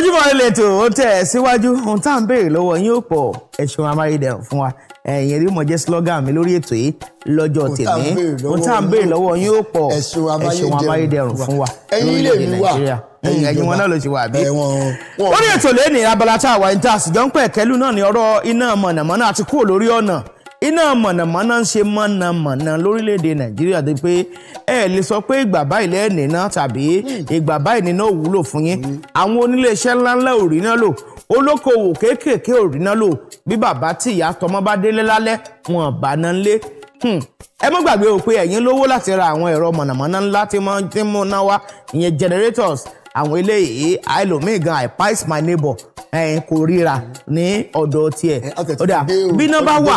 ojúmọ́ ilé ètò ó tẹ̀ síwájú ohun tá à ń béèrè lọ́wọ́ yín ó pọ̀ ẹ̀sùn amáyédẹrùn fún wa ẹ̀yìn rí mọ̀jẹ́ slogan mi lórí ètò yìí lọ́jọ́ tèmi ohun tá à ń béèrè lọ́wọ́ yín ó pọ̀ ẹ̀sùn amáyédẹrùn fún wa lórílẹ̀‐èdè nàìjíríà ẹ̀yìn wọn náà ló ti wà bí. orí ètò lẹ́ni abala tá a wà ní tá a sì jọ ń pẹ̀ kẹ́lú náà ní ọ̀rọ̀ iná mọ̀nàmọ́ná àti kúrò lórí ọ̀nà iná mọ̀nàmọ́ná ń ṣe mọ̀nàmọ́ná lórílẹ̀‐èdè nàìjíríà di pé ẹ lè sọ pé ìgbà báyìí lẹ́ẹ̀nì náà tàbí ìgbà báyìí nínú òwúlò fún yín àwọn oníléeṣẹ́ ńláńlá ò rí náà lò olókoòwò kéékèèké ò rí náà lò bí bàbá tí ìyá tọmọ bá délé lálẹ́ wọn bá náà lé hmm. ẹ mọ́ gbàgbé o pé ẹ̀yin lówó láti ra àwọn ẹ̀rọ mọ̀nàmọ́ná ńlá tí mo ń ìyẹn generators àwọn eléyìí àìlòmíì gan i pice my neighbor kò ríra ní ọ̀dọ̀ tiẹ̀ ó dà bí iná bá wà.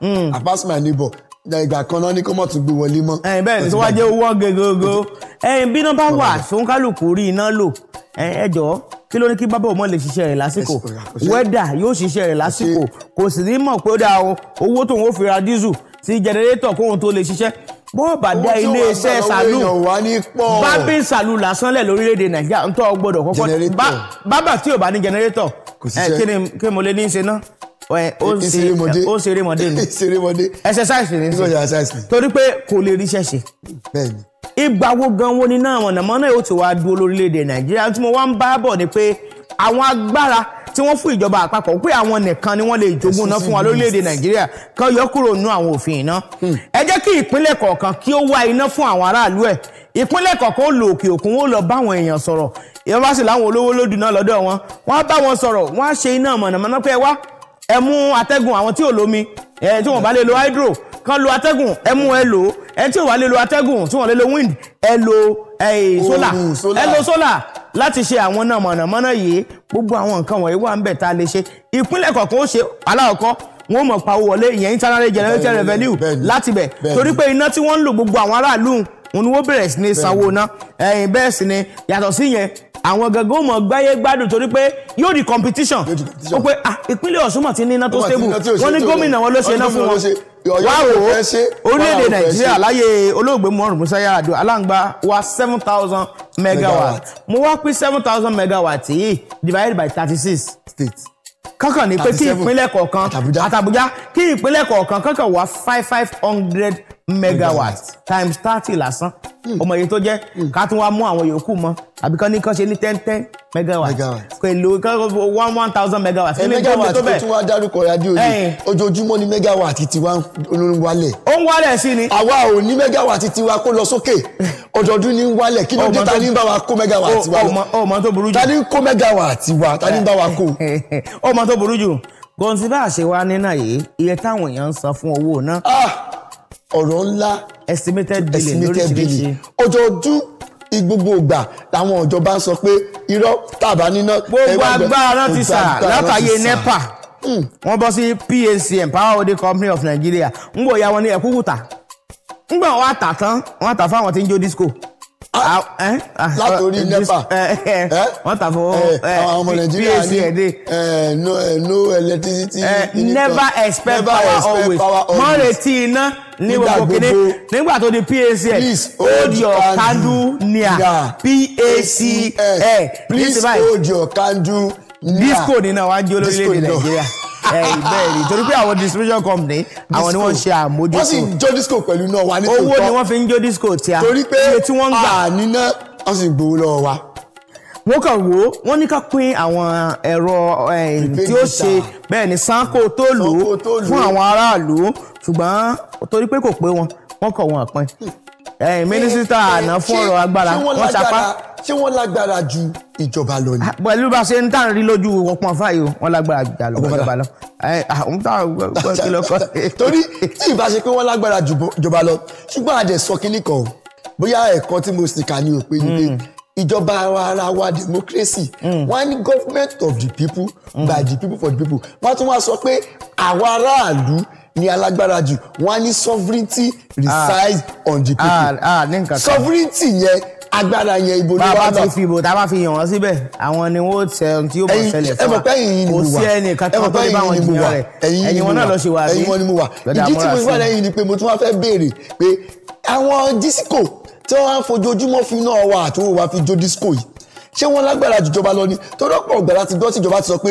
Mm. apart my neighbor ìgbà kan náà ní kó mọ̀ tún gbé wọlé mọ́. ẹ bẹ́ẹ̀ ni tó wáá jẹ́ owó ọ̀gẹ́gẹ́gẹ́ ẹyin bí iná bá wà fún kálukú rí iná lò ẹ jọ̀ọ́ kí ló ní kí bábà ọmọ lè ṣiṣẹ́ rẹ̀ lásìkò wẹ́dà yóò ṣiṣẹ́ rẹ̀ lásìkò kò sì ní mọ̀ pé ó dáa owó tóun ó fi ra dísù sí jẹnẹrétọ̀ bó o bá dá iléeṣẹ́ sàlù bábí sàlù lásán lẹ̀ lórílẹ̀‐èdè nàìjíríà ń tọ́ ọ gbọ́dọ̀ kọ́kọ́ bábà tí o bá ní jẹnẹrétọ̀ kí ni mo lè ní í ṣe náà ó ṣerémọdé ni exercise ni torí pé kò lè ríṣẹ́ ṣe ìgbà wo gan wo ni náà mọ̀nàmọ́ná yóò ti wá dúró lórílẹ̀‐èdè nàìjíríà tí mo wá ń bá bọ̀ ni pé àwọn agbára tí wọ́n fún ìjọba àpapọ̀ pé àwọn nìkan ni wọ́n lè jogún iná fún wa lórílẹ̀‐èdè nàìjíríà kan yọ kúrò nínú àwọn òfin iná hmm. ẹ jẹ́ kí ìpínlẹ̀ kọ̀ọ̀kan kí ó wá iná fún àwọn aráàlú ẹ̀ ìpínlẹ̀ kọ̀ọ̀kan ó lọ òkè òkun ó lọ báwọn èèyàn sọ̀rọ̀ ìyẹn bá sì láwọn olówó lódì náà lọ́dọ̀ wọn wọ́n á bá wọn sọ̀rọ̀ wọ́n á ṣe iná mọ̀nàmọ́ná pé wá ẹ mú atẹ́gùn àwọn tí ò lómi tí wọ́n bá lè lo hydro kan lo atẹ́gùn ẹ mú ẹ lò ó ẹ tí ò wá lè lo atẹ́gùn tí wọ́n lè lo wind ẹ lo solar ẹ lo solar láti ṣe àwọn náà mọ̀nàmọ́ná yìí gbogbo àwọn nǹkan wọ̀nyí wà ń bẹ̀ tá a lè ṣe ìpínlẹ̀ kọ̀ọ̀kan ó ṣe aláwọ̀kọ́ wọn ò mọ̀ pa owó wọlé ìyẹn internal generated revenue láti bẹ̀ torí pé iná tí wọ́n ń lò gbogbo àwọn aráàlú òun ni wọ́n bẹ̀rẹ̀ sí ní sanwó ná ẹ̀yìn bẹ́ẹ̀ sì ni yàtọ̀ sí yẹn àwọn gangan ó mọ̀ gbáyé gbádùn torí pé yóò di competition ó pé ah ìpínlẹ̀ Ọ̀ṣun mọ̀ ti ní iná tó stable wọ́n ní gómìnà wọn ló ṣe iná fún wọn wá wò ó orílẹ̀-èdè Nàìjíríà láyé olóògbé Mọ́rùn Músáyà Àdó Aláǹgbá wa seven thousand megawatt mo wá pín seven thousand megawatt yìí divided by thirty six states kankan ni pé kí ìpínlẹ̀ kọ̀ọ̀kan àtàbújá kí ìpínlẹ̀ kọ̀ọ̀kan kankan wá five five hundred megawatt times thirty lásán hmm. ọmọ yìí tó jẹ́ hmm. ká tún wá mú àwọn yòókù mọ́ àbí kán ní kán ṣe ní ten ten megawatt pẹ̀lú one one thousand megawatt. ẹ megawatt tó tún wá dárúkọ yàjú òye ojoojúmọ́ ni megawatt ti wá ń wálẹ̀. ó ń wálẹ̀ sí ni. àwa ò ní megawatt ti wa kó lọ sókè ọdọọdún ní ń wálẹ̀ kí ló dé ta ní bá wa kó megawatt wa lọ ọmọ tó burú jù ta ní kó megawatt wa ta ní bá wa kó. ọmọ tó burú jù gọ̀ǹsì bá a ṣe wá nínà yìí iye táwọn èèyàn ń san fún owó náà. Ah! ọ̀rọ̀ ńlá estimated billing lóríṣiríṣi ọjọ́dún gbogbo ìgbà làwọn ìjọba sọ pé irọ́ tàbá níná. gbogbo agbára ti sà látàyè nepa hmm. wọ́n bọ́ sí PNCN Power Holding Company of Nigeria ń ya wọn ní ẹ̀kúkúta ń gbọ̀n wọn àtà wọn àtà fáwọn tí ń jó disco. Ah, ah, eh, ah, eh, látòrí eh, nepa wọ́n ta fún ọmọ nàìjíríà ní no electricity never expect power always mọ́ retí iná ní gbogbo kíní nígbà tó di PACN hold your candle near PACN please hold your candle near disco nínú àwọn ajé olórílẹ̀-èdè nàìjíríà. Eh, bẹ́ẹ̀ ni torí pé àwọn distribution company àwọn ni wọ́n ń ṣe àmójútó wọ́n sì ń jó disco pẹ̀lú náà wa ní tòótọ́ owó ni wọ́n fi ń jó disco tí a torí pé àníná wọ́n sì gbowó lọ́wọ́ wa. wọ́n kàn wò ó wọ́n ní ká pín àwọn ẹ̀rọ eh, tí ó ṣe bẹ́ẹ̀ ni sanko tó lò ó fún àwọn aráàlú ṣùgbọ́n torí pé kò pé wọn wọ́n kọ̀ wọn àpọ́n hmm. eh, mínísítà àná fún ọ̀rọ̀ agbára wọ́n ṣapá ṣé wọ́n lágbára ju ìjọba lọ ni. Ah, pẹ̀lú bá a ṣe ń tà ń rí lójú ọpọ́n fáyò wọ́n lágbára ju ìjọba lọ. àwọn tá a gbọ́ kí lọ́kọ́. torí tí ìbá ṣe pé wọ́n lágbára ju ìjọba lọ ṣùgbọ́n àdẹ̀ sọ kínní kan bóyá ẹ̀kọ́ tí mo sì kà ní òpin ní hmm. ìjọba ara wa democracy mm. ní government of the people hmm. by the people for the people wọ́n tún wá sọ pé àwa aráàlú ni alágbára jù wọ́n ní sovereignty resides ah. on the people ah, ah, sovereignty yẹn agbára yẹn ibo ló wà lọ. bàbá ti fi ìbò tá a bá fi yàn wọ́n síbẹ̀ àwọn ni wọ́n tẹ ohun tí yóò bọ̀ ṣẹlẹ̀ fún wa kò sí ẹnì kankan tó lè bá wọn jiyàn rẹ̀ ẹ̀yin wọn náà lọ ṣe wà bí. wọn ni mo wà ìdí tí mo wà lẹ́yìn ni pé mo tún wá fẹ́ béèrè pé àwọn dísíkò tí wọ́n á fojoojúmọ́ fi náà wà àti wọ́n fi jó dísíkò yìí ṣé wọ́n lágbára jùjọba lọ ni torí ọ̀pọ̀ ọ̀gbẹ̀rẹ̀ ti gbọ́ tíjọba ti sọ pé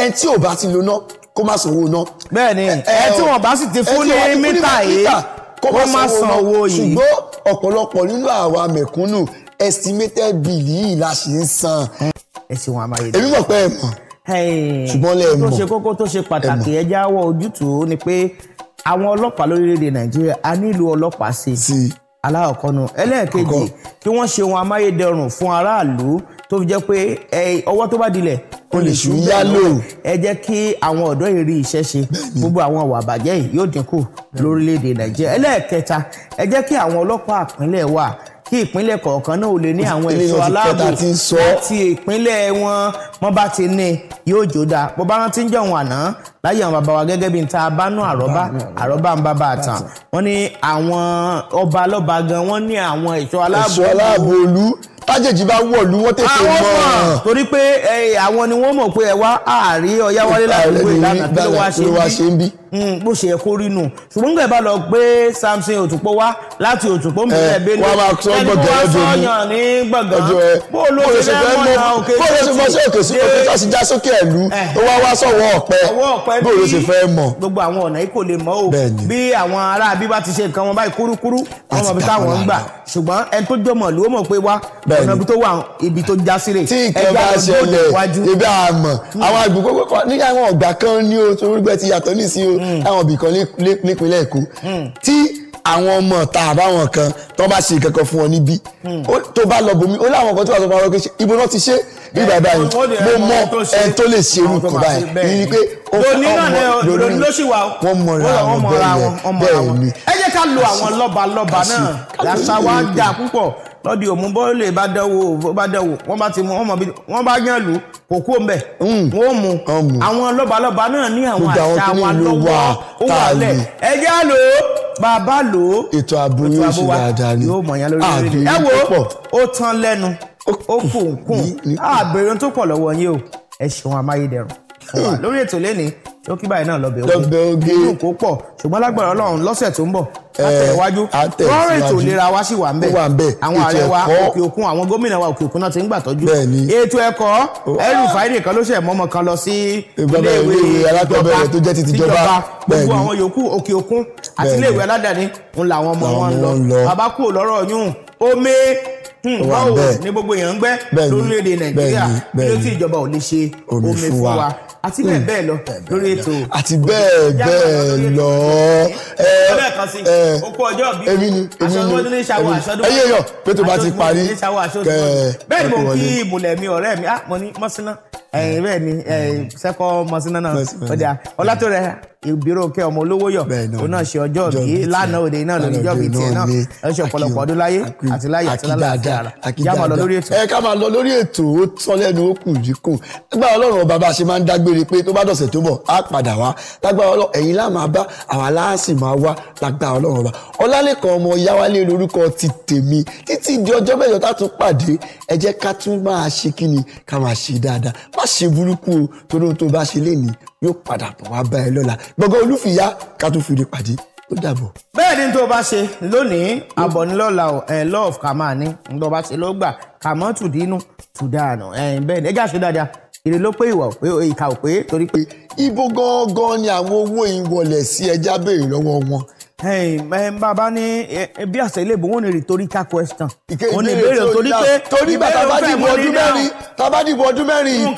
ẹni tí ò bá ti lo náà kó má sanwó náà. bẹ́ẹ̀ni ẹ tí wọn bá sì ti fún ní mítà yìí kó má san owó yìí ṣùgbọ́n ọ̀pọ̀lọpọ̀ nínú àwa mẹ̀kúnnù estimated bill yìí la ṣì ń san. ẹ ṣe wọn amáyédèrú èmi mọ̀ pé ẹ mọ̀ ṣùgbọ́n lẹ́ẹ̀ mọ̀ tó ṣe kókó tó ṣe pàtàkì ẹ jáwọ́ ojútùú ni pé àwọn ọlọ́pàá lórílẹ̀‐èdè nàìjíríà a nílò ọlọ́pàá sí i aláàkọ́nu ẹlẹ́ẹ̀kejì kí wọ́n ṣe ohun amáyédẹrùn fún aráàlú tó fi jẹ́ pé ọwọ́ tó bá dilẹ̀ o lè ṣú yálò ẹ jẹ́ kí àwọn ọ̀dọ́ yìí rí iṣẹ́ ṣe gbogbo àwọn ọ̀wà àbàjẹ́ yìí yóò dínkù lórílẹ̀‐èdè nàìjíríà ẹlẹ́ẹ̀kẹta ẹ jẹ́ kí àwọn ọlọ́pàá àpínlẹ̀ wà kí ìpínlẹ̀ kọ̀ọ̀kan náà ò lè ní àwọn ẹ̀ṣọ́ aláàbò láti ìpínlẹ̀ wọn wọ́n bá ti ní yóò jó da bó bá rántí ń jọ̀hún àná láyé àwọn bàbá wa gẹ́gẹ́ bíi ta abánú àrọ́bá àrọ́bá ń bàbá àtàn wọ́n ní àwọn ọba lọ́ba gan wọ́n ní àwọn ẹ̀ṣọ́ aláàbò olú tájèjì bá wọ̀lú wọ́n tètè mọ̀. àwọn mọ̀ torí pé eh, àwọn ni wọ́n mọ̀ pé ẹ wá àárí ọ̀yáwálé láàrin ìwé ìlànà kí ló wá ṣe ń bí. Hmm, bó ṣe yẹ kó rí nù ṣùgbọ́n nígbà bá lọ gbé Samson Òtúnpó wá láti Òtúnpó ń eh, bẹ́ẹ̀ ni ẹni tó wá sọ́yàn ní gbọ̀ngàn eh, bó ló ṣe fẹ́ mọ́ bó ló ṣe fọ́ sí òkè sí òkè tó sì já sókè ẹ̀lú eh, tó wá wá sọ̀wọ́ ọ̀pẹ bó ló ṣe fẹ́ mọ̀. gbogbo àwọn ọ̀nà yìí kò lè mọ̀ o bí àwọn ará bí bá ti ṣe nǹkan wọn báyìí kúrúkúrú wọn mọ̀ bí táwọn ń gbà ṣùgbọ́n Mm. táwọn ibì kan nípínlẹ̀ èkó mm. tí àwọn ọmọ ta àbáwọn kan tó bá ṣe kankan fún ọ níbí mm. tó bá lọ bomi ó láwọn kan tó wà tó bá rọ kéṣe ibo náà ti ṣe bí bàbá yìí mo mọ ẹ tó lè ṣe irú kan báyìí ni pé ó fọ ọmọ lórí wọn mọra wọn bẹ́ẹ̀ bẹ́ẹ̀ ni. ẹ jẹ́ ká lo àwọn lọ́balọ́ba náà làṣà wa dà púpọ̀ lọ́dí òmù bọ́ọ̀lù bá dánwò bá dánwò wọ́n bá ti mú wọ́n mọ̀ bí wọ́n bá yàn lù kò kú òǹbẹ̀ mm. wọ́n mú àwọn lọ́balọ́ba náà ní àwọn àṣà wa lọ́wọ́ ó wà lẹ̀ ẹ̀jẹ̀ àlò bàbá lò ó ètò ààbò yóò ṣe dáadáa ni yóò mọ̀ yẹn lórí rẹ̀ ẹ wo ó tán lẹ́nu ó kùnkùn àbẹ̀rẹ̀ tó pọ̀ lọ́wọ́ yín o ẹ ṣeun amáyédẹrùn fún wa lórí ètò lẹ́ni ló kí báyìí náà lọ́bẹ̀ oge inú kò pọ̀ ṣùgbọ́n lágbára ọlọ́run lọ́sẹ̀ tó ń bọ̀ àtẹ̀wájú lọ́rọ̀ ètò ìlera wa sì wà ń bẹ̀ àwọn ààrẹ wa òkè òkun àwọn gómìnà wa òkè òkun náà ti ń gbà tọ́jú ètò ẹ̀kọ́ ẹrù fàáyé kan ló ṣe mọ́mọ́ kan lọ sí iléèwé alákọ̀ọ́bẹ̀rẹ̀ tó jẹ́ ti tìjọba gbogbo àwọn yòókù òkè òkun àti iléèwé aládàáni ń la àwọn ọmọ wọn lọ bàbá kúrò lọ́rọ̀ yún omi hmm, báwo ni gbogbo èèyàn ń gbẹ́ lórílẹ̀‐èdè nàìjíríà bí ó ti ìjọba ò lè ṣe omi fún wa àti bẹ́ẹ̀ bẹ́ẹ̀ lọ lórí ètò. àti bẹ́ẹ̀ bẹ́ẹ̀ lọ. ọlọ́ọ̀kan sí okú ọjọ́ bí èmi ni èmi ni ẹyẹ yọ pé bá ti parí. bẹ́ẹ̀ ni mo kí ìmùlẹ̀ mi ọ̀rẹ́ mi ah mo ní mọ́sínà ẹ̀yìn bẹ́ẹ̀ ni sẹ́kọ̀ọ́ mọ́sínà náà ọjà ọlátọ́rẹ́ ìbíròkẹ́ ọmọ olówó yọ̀ òun náà ṣe ọjọ́ bí lánàá òde náà lórí ọjọ́ bí tiẹ̀ náà ẹ ṣe ọ̀pọ̀lọpọ̀ ọdún láyé àti láyé àti lálàáfíà ara yá máa lọ lórí ètò. ẹ ká máa lọ lórí ètò ó tọ́ lẹ́nu ó kù yìí kù lágbára ọlọ́run ọba bá a ṣe máa ń dágbére pé tó bá dọ̀sẹ̀ tó bọ̀ á padà wá lágbára ọlọ́run ẹ̀yin lá máa bá àwa láàsì máa wá lágbára ọlọ́run ọba ọlálẹ́kan ọmọ yáwálé lórúkọ ti tèmi títí di ọjọ́ mẹ́jọ tá tún pàdé ẹ jẹ́ ká tún máa ṣe kíni ká máa ṣe dáadáa má ṣe burúkú o torí ohun tó bá ṣe lénìí yóò padà bọ̀ wá bá ẹ lọ́la gbọ̀ngàn olúfìyà ká tó fi pàdé ó dàbọ̀. bẹ́ẹ̀ ni tó o bá ṣe lónìí àbọ̀ ní lọ́la o ẹ̀ lọ́ọ̀f kà máa ní ní tó o bá ṣe ló gbà kà mọ́ tùdínú tùdánù ẹ̀ bẹ́ẹ̀ ni ẹ já ṣe dáadáa èrè ló pé ìwà òpé ìka òpé torí pé. ibo gangan ni àwọn owó ìwọlẹ̀ sí ẹja béèrè lọ́wọ́ wọn bàbá ní bí àṣẹ ilé ìbò wọn ní rhetorical question. wọn ní ìbéèrè torí pé torí bá tá bá dìbò ọdún mẹ́rin tá bá dìbò ọdún mẹ́rin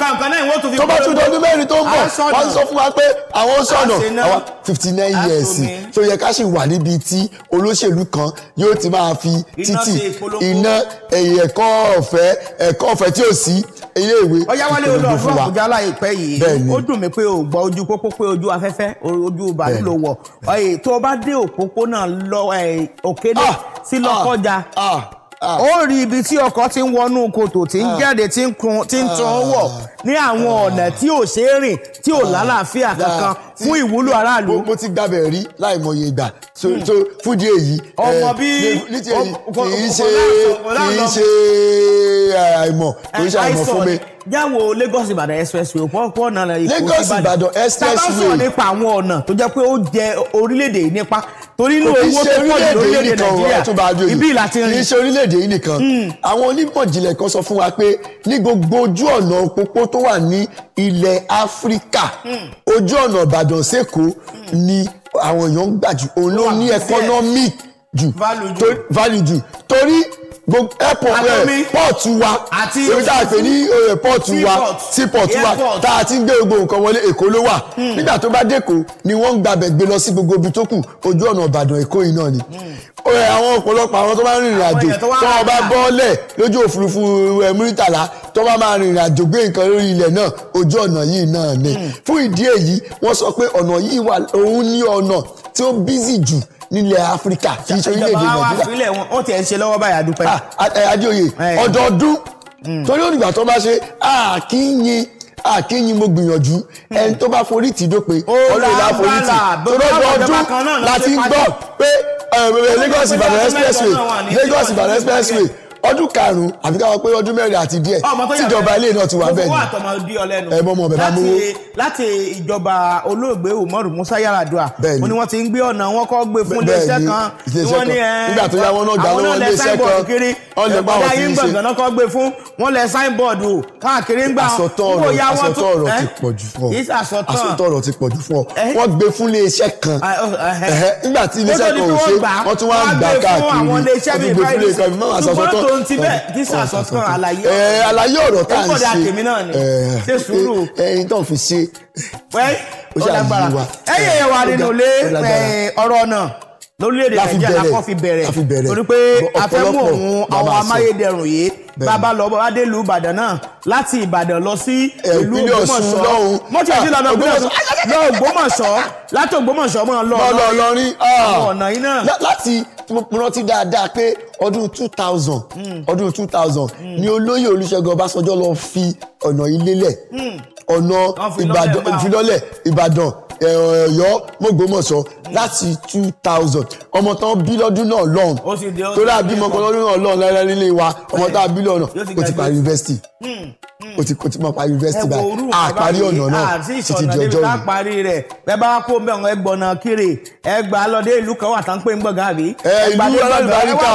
tó bá tún dọdún mẹ́rin tó ń bọ̀ wọ́n sọ fún wa pé àwọn sọ̀nà fifty nine years tó yẹ ká sì wà níbi tí olóṣèlú kan yóò ti máa fi títì iná ẹ̀kọ́ ọ̀fẹ́ ẹ̀kọ́ ọ̀fẹ́ tí ò sí iléèwé ìpolongo fún wa Àbújá láìpẹ́ yìí ó dùn mí pé o gbọ́ ojú pópó pé ojú afẹ́fẹ́ ojú bàálù ló wọ̀ tó o bá dé òpópónà lọ òkèlè ah, sí Lọ́kọ́jà ah, ah. Ah. ó rí ibi tí ọkọ̀ ti ń wọnú kòtò tí ń ah. jáde tí ń tún ah. wọ̀ ní àwọn ọ̀nà tí ò ṣe é rìn tí ò lálàáfíà kankan fún ìwúlò aráàlú. mo ti gbàbẹ̀ rí láìmọye ìgbà so hmm. fún díẹ̀ yìí. ọmọ eh, bí kì í ṣe eh, àìmọ̀ kì í ṣe eh, àìmọ̀ fún mi jáwo Lagos Ìbàdàn expressway òpópó ọ̀nà Èkó Lagos Ìbàdàn expressway tàbá sọ̀rọ̀ nípa àwọn ọ̀nà tó jẹ́ pé ó jẹ orílẹ̀-èdè yìí nípa torí inú owó tó pọ̀ ní èdè Nàìjíríà ibi láti rìn. kì í ṣe orílẹ̀-èdè yìí nìkan hmm. àwọn onímọ̀ ìjìnlẹ̀ kan sọ fún wa pé ní gbogbo ojú ọ̀nà òpópó tó wà ní ilẹ̀ Áfíríkà hmm. ojú ọ̀nà Ìbàdàn sẹ́kọ̀ọ́ ni àwọn èèyàn ń gbà jù òun ló ní economic jù value jù torí gbogbo airport rẹ port wa èmi tá a pè ní eh, port wa seaport wa tá a ti ń gbé gbogbo nǹkan wọlé èkó ló wà hmm. nígbà tó bá dẹ́kọ̀ ni wọ́n ń gbabẹ̀ gbé lọ sí gbogbo ibi tó kù ojú ọ̀nà ìbàdàn èkó yìí náà ni hmm. eh, àwọn ọ̀pọ̀lọpọ̀ àwọn tó bá ń rìnrìn àjò tó wọn bá bọ́ọ̀lẹ̀ lójú òfurufú eh, Muritala tó bá máa rìnrìn àjò gbé nǹkan lórí ilẹ̀ náà ojú ọ̀nà yìí náà ni hmm. fún ìdí èyí wọ́n sọ pé ọ̀nà yìí wà òun ní ọ̀nà tí ó bízì jù nílẹ̀ Áfíríkà kì í ṣe orílẹ̀-èdè Nàìjíríà wọ́n ti ẹ̀ ń ṣe lọ́wọ́ báyìí àdúpẹ́. Ah, Adéoyè ọdọọdún hmm. torí òdìgbà tó bá ṣe àkíyìn àkíyìn mo gbìyànjú hmm. ẹni tó bá forí tì dópe ọlọ́ọ̀dà forí tì torí ọdọọdún láti gbọ́ pé eh, Lagos Ìbàdàn expressway Lagos Ìbàdàn expressway ọdún karùn-ún àbí káwọn pé ọdún mẹ́rin àti díẹ̀ tíjọba ilé náà ti wà bẹ́ẹ̀ ni ẹ mọ́ mọ́ bẹ́ẹ̀ bá mú. láti ìjọba olóògbé Umaru Musa Yar'Adua ó ní wọ́n ti ń gbé ọ̀nà wọn kọ́ gbé fún iléeṣẹ́ kan tí wọ́n ní ẹ̀ nígbà tó yá wọn náà gbà lọ́wọ́ iléeṣẹ́ kan wọ́n lè bá wọn ti ń ṣe ọ̀nà kọ́ gbé fún wọn lẹ̀ signboard o káàkiri ń gbà àsọtọ̀ ọ̀rọ̀ ti pọ̀ jù fún ọ àsọtọ̀ ọ̀rọ̀ ti pọ̀ jù fún ọ wọ́n gbé fún iléeṣẹ́ kan nígbà tí kan ò ṣe wọ́n tún wá gbà káàkiri wọ́n gbé fún iléeṣẹ́ kan ohun ti bẹ́ẹ̀ kí sàṣọ kan àlàyé ọ̀rọ̀ eh, àlàyé ọ̀rọ̀ tá à ń ṣe ìkọ̀dà tèmi náà ni eh, ṣe sùúrù eh, ẹyin tó ń fi ṣe ó ṣàyíwá ẹyẹ wà nínú ilé ọ̀rọ̀ náà lórílẹ̀-èdè nàìjíríà la kọ́ fi bẹ̀rẹ̀ torí pé a fẹ́ mú òun àwọn amáyédẹrùn yìí bàbá lọ bá dé ìlú ìbàdàn náà láti ìbàdàn lọ sí ìlú ògbómọ̀ṣọ́ mọ́tò ẹ̀sìn lọ́nà ògbómọ̀ṣọ́ ah, ògbómọ̀ṣọ́ láti ògbómọ̀ṣọ́ mọ́ lọ lọ́rin ah. ọ̀nà yìí náà. láti rántí dáadáa pé ọdún two thousand hmm. ọdún two thousand hmm. ni olóyè olúṣẹ́gun ọbásanjọ́ lọ fi ọ̀nà yìí lélẹ̀ hmm. ọ̀nà ìbàdàn ìfilọ́lẹ̀ ìbàdàn ọ̀yọ́ mọ́gbómọ̀ṣọ́ láti two thousand ọmọ tán bí lọ́dún náà lọ́hùn tó dáa bímọ kan lọ́dún náà lọ́hùn lára nílé wa ọmọ tá a bí lọ́nà ó ti parí yunifásitì hmm, hmm. ó ti kó ti máa parí yunifásitì báyìí àparí ọ̀nà náà sì ti di ọjọ́ yìí. parí rẹ̀ bẹ́ẹ̀ bá wá kó mẹ́wọ̀n ẹgbọ̀nà kiri ẹgbàá lọ́dẹ ìlú kan wà tán pé ń gbọ̀ngàn àbí. ẹ ìlú alábàáríkà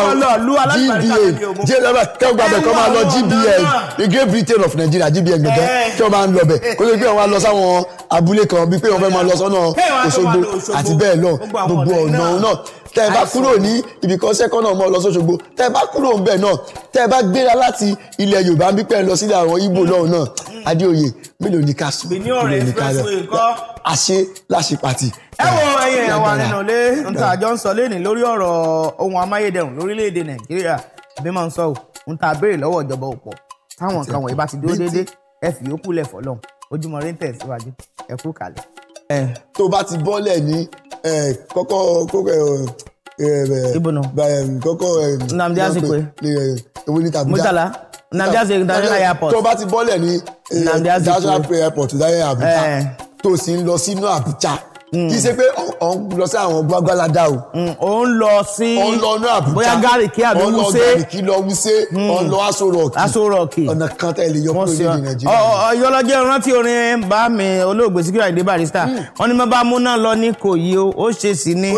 o gba gba kẹ́gbàbẹ̀ kọ́ máa lọ gbn the great britain of nigeria gbn gbẹ̀gẹ́ kí wọ́n máa ń lọ bẹ̀ kó lè gbé wọn wá lọ sáwọn abúlé kan bíi pé wọ́n fẹ́ máa lọ sọ́nà òṣogbo àti bẹ́ẹ̀ náà gbogbo ọ̀nà náà tẹ́ ẹ bá kúrò ní ibì kan sẹ́kọ̀nà ọmọ lọ sọ́ṣogbo tẹ́ ẹ bá kúrò ńbẹ̀ náà tẹ́ ẹ bá gbéra láti ilẹ̀ yorùbá ń bípẹ́ lọ sílẹ̀ àwọn ibo náà náà adéoyè mélòó ni ká sùn mélòó ni ká rẹ̀ àṣe láṣepàtì. ẹ wo ẹyẹ ẹwà nínú ilé nta àjọ ń sọ lẹ́nìí lórí ọ̀rọ̀ ohun amáyédẹrùn lórílẹ̀‐èdè nàìjíríà bí mò ń sọ ò ń ta béèrè lọ́wọ́ ìjọba òpọ̀ táwọn nǹkan wọ̀nyí bá ti dúró déédéé ẹ fi yòókù lẹ̀ fọlọ́run Ojúmọ́ Ire ń tẹ̀síwájú ẹ kú kalẹ̀. tó bá ti bọ́lẹ̀ ní kọ́kọ́ kọ́kọ́ ibùnà kọ́kọ́ Nnamdi Azikiwe eh, ewu ní tàbí Murtala Nnamdi Azikiwe international airport tó bá ti bọ́lẹ̀ ní eh, Nnamdi Azikiwe international airport Zaria Abuja eh. tó sì ń lọ sínú Abuja. Mm. kì í ṣe pé òun lọ sí àwọn gbàgbàládà o. òun mm, lọ sí òun lọ ní Àbújá bóyá gàríkì àbí Wuse òun lọ gàríkì lọ Wuse òun mm. lọ Aso Rock Aso Rock ọ̀nà kan tẹ̀lé yọ kúrò ní Nàìjíríà. ọyọlọjẹ rántí orin bá mi olóògbé Síkírù Àyìndé Barrister wọn ni mo bá mú náà lọ ní Ìkòyí o ó ṣe sí ni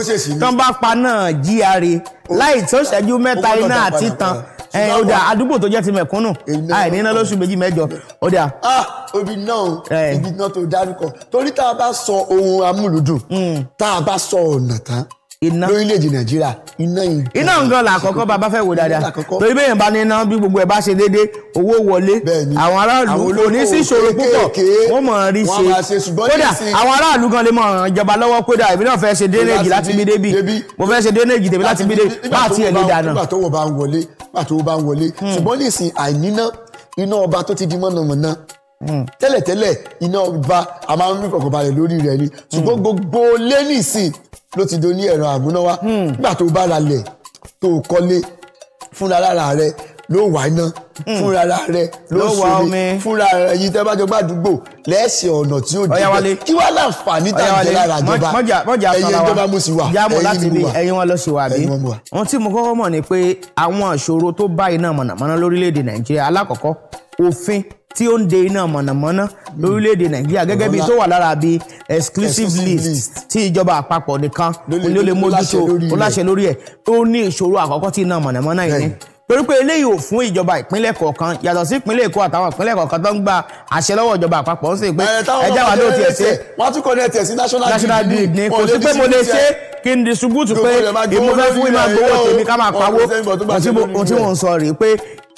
tó bá pa náà GRA láì tó ṣẹ́jú mẹ́ta iná àti tán ẹ ó dà àdúgbò tó jẹ́ ti mẹ̀kúnnù àìní iná lóṣù méjì mẹ́jọ ó dà. Ah, obi náà ibi náà tó dárúkọ torí tá a bá sọ ohun amúlùdùn hmm. tá a bá sọ ọ̀nà tán iná lórílẹ̀‐èdè nàìjíríà iná yìí. iná nǹkan là àkọ́kọ́ bàbá fẹ́ wò dáadáa torí bẹ́ẹ̀ bá ní iná bí gbogbo ẹ̀ bá ṣe déédé owó wọlé àwọn aráàlú kò ní sí ìṣòro púpọ̀ wọ́n mọ̀ ọ́n rí ṣe kódà àwọn aráàlú gan lè mọ̀ ọ́n jọba lọ́wọ́ kódà èmi náà fẹ́ ṣe dénéèjì láti bí débì mo fẹ́ ṣe dénéèjì tèmi láti bí débì má àti ẹ̀ lè dáná. nígbà tó wọ̀ bá ń pàtó bá ń wọlé hmm. ṣùgbọ́n nísìn àìníná iná ọba tó ti di mọ̀nàmọ́ná hmm. tẹ́lẹ̀tẹ́lẹ̀ iná ọba a máa ń rí kọ̀kọ̀balẹ̀ lórí rẹ̀ ni hmm. ṣùgbọ́n gbogbo lé nísìn ló ti do ní ẹ̀rọ àmúnáwá nígbà tó bá ralẹ̀ tó kọ́lé fúnra lára rẹ̀ ló wà iná fúnra hmm. rẹ ló wà omi fúnra rẹ yìí tẹ́ bá jọ bá àdúgbò lẹ́sìn ọ̀nà tí ó dìbò kí wàá láǹfààní tàbí lára ìjọba ẹ̀yin ìjọba mo sì wà ẹ̀yin mo wà ẹ̀yin wọn lọ sí wà bí wọn tí mo kọ́kọ́ mọ̀ ni pé àwọn ìṣòro tó bá iná mọ̀nàmọ́ná lórílẹ̀‐èdè Nàìjíríà alákọ̀ọ́kọ́ òfin tí ó ń de iná mọ̀nàmọ́ná hmm. lórílẹ̀‐èdè nàìjíríà gẹ́gẹ́ bí tó wà lára bí exclusive list tí ìjọba àpapọ̀ nìkan ló lè mójútó ó láṣẹ lórí ẹ̀ ó ní ìṣòro àkọ́kọ́ tí iná mọ̀nàmọ́ná yìí ní torí pé eléyìí ò fún ìjọba ìpínlẹ̀ kọ̀ọ̀kan yàtọ̀ sí ìpínlẹ̀ Èkó àtàwọn ìpínlẹ̀ kọ̀ọ̀kan tó ń gba àṣẹ lọ́wọ́ ìjọba àpapọ̀ ń sè pé ẹjẹ́ wa ló tiẹ̀ ṣe wọ́n tún connect sí national grid ni kò sí pé mo lè ṣe kí n distribute pé ìmúfẹ́ fún ìmọ̀ gbowó tèmi ká máa pawó ohun tí sọ rèé pé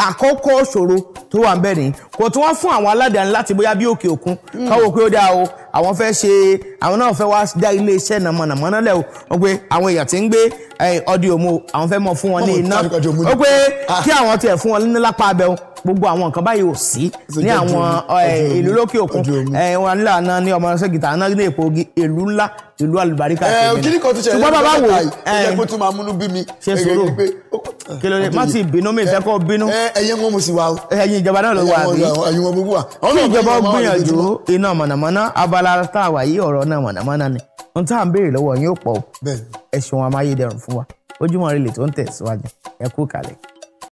àkọ́kọ́ ṣòro tó wà ń bẹ̀ nìyí kò tí wọ́n fún àwọn aládàáni láti bóyá bí òkè òkun káwọ́ pé ó dáa o àwọn fẹ́ ṣe àwọn náà fẹ́ wá dá ilé iṣẹ́ nàmọ̀nàmọ́ná lẹ̀ o pé àwọn èèyàn ti ń gbé ọdí òmu àwọn fẹ́ mọ fún wọn ní iná o pé ah. kí àwọn tiẹ̀ fún wọn ní lápá abẹ́ o gbogbo àwọn nǹkan báyìí ò sí ní àwọn ìlú lókè òkun wọn ńlá náà ní ọmọ ṣe gìtá náà ní èpo ìlú ńlá ìlú àlùbáríkà ṣùgbọ́n bàbá wò ó ẹ kó tún máa múnú bí mi ṣe sòrò kí ló dé má ti bínú mi ìfẹ́ kó bínú. ẹ̀yin wọn mo sì wá o. ẹ̀yin ìjọba náà ló wà bí ẹ̀yin wọn gbogbo wa. kí ìjọba gbìyànjú iná mọ̀nàmọ́ná abala tá a wà yí ọ̀rọ̀ náà mọ̀nàmọ́ná ni ohun tá à ń béèrè lọ́wọ́ yín ó pọ̀ o ẹ̀sùn amáyédẹrùn fún wa Ojúmọ́ Ire lè tó ń tẹ̀síwájú ẹ kalẹ̀.